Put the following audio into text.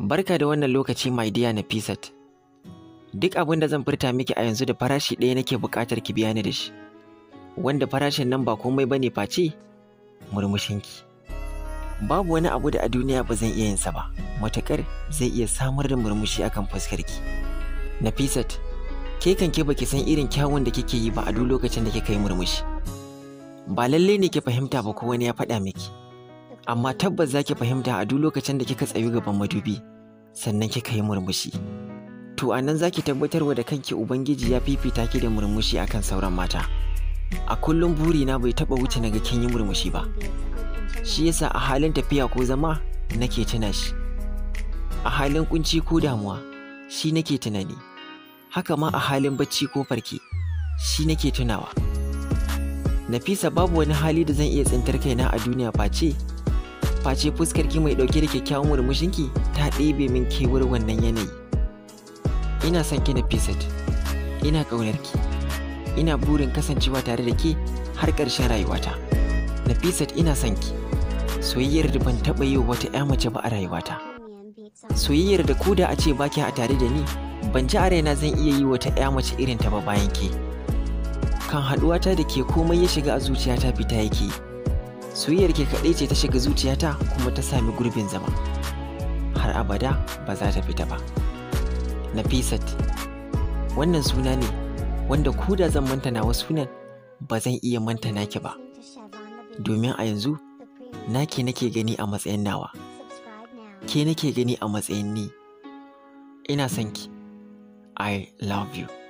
Barka da wannan lokaci my dear Nafisat. Duk abin da zan furta miki a yanzu da farashi ɗaya nake buƙatar ki biya ni da shi. Wanda farashin nan ba komai bane face murmushinki. Babu wani abu da a duniya ba zan iya yin sa ba, matuƙar zai iya samar da murmushi akan fuskar Na Nafisat, ke kan ke baki san irin kyawun da kike yi ba a duk lokacin da kika yi murmushi. Ba lallai ne ki fahimta ba ko wani ya faɗa miki. amma tabbas za ki fahimta a duk lokacin da kika tsayu gaban madubi sannan kika yi murmushi to a nan za ki tabbatarwa da kanki ubangiji ya fifita ki da murmushi akan sauran mata a kullum burina bai taɓa wuce naga kin yi murmushi ba shi yasa a halin tafiya ko zama nake tuna shi a halin kunci ko damuwa shi nake tunani haka ma a halin bacci ko farke shi nake tunawa nafisa babu wani hali da zan iya tsintar kaina a duniya face face fuskar ki mai ɗauke da kyakkyawan murmushinki ta ɗebe min kewar wannan yanayi ina son ki na fisat ina ƙaunar ki ina burin kasancewa tare da ke har ƙarshen rayuwata nafisat ina son ki soyayyar da ban taɓa yi wata 'ya mace ba a rayuwata soyayyar da koda a ce baki a tare da ni ban ji a raina zan iya yi wata 'ya mace irin ta ba bayan ke kan haɗuwata da ke komai ya shiga a zuciyata fita yake soyayyar ke kaɗai ce ta shiga zuciyata kuma ta sami gurbin zama har abada ba za ta fita ba nafisat wannan suna ne wanda ko da zan manta nawa sunan ba zan iya manta naki ba domin a yanzu naki nake gani a matsayin nawa ke nake gani a matsayin ni ina son ki i love you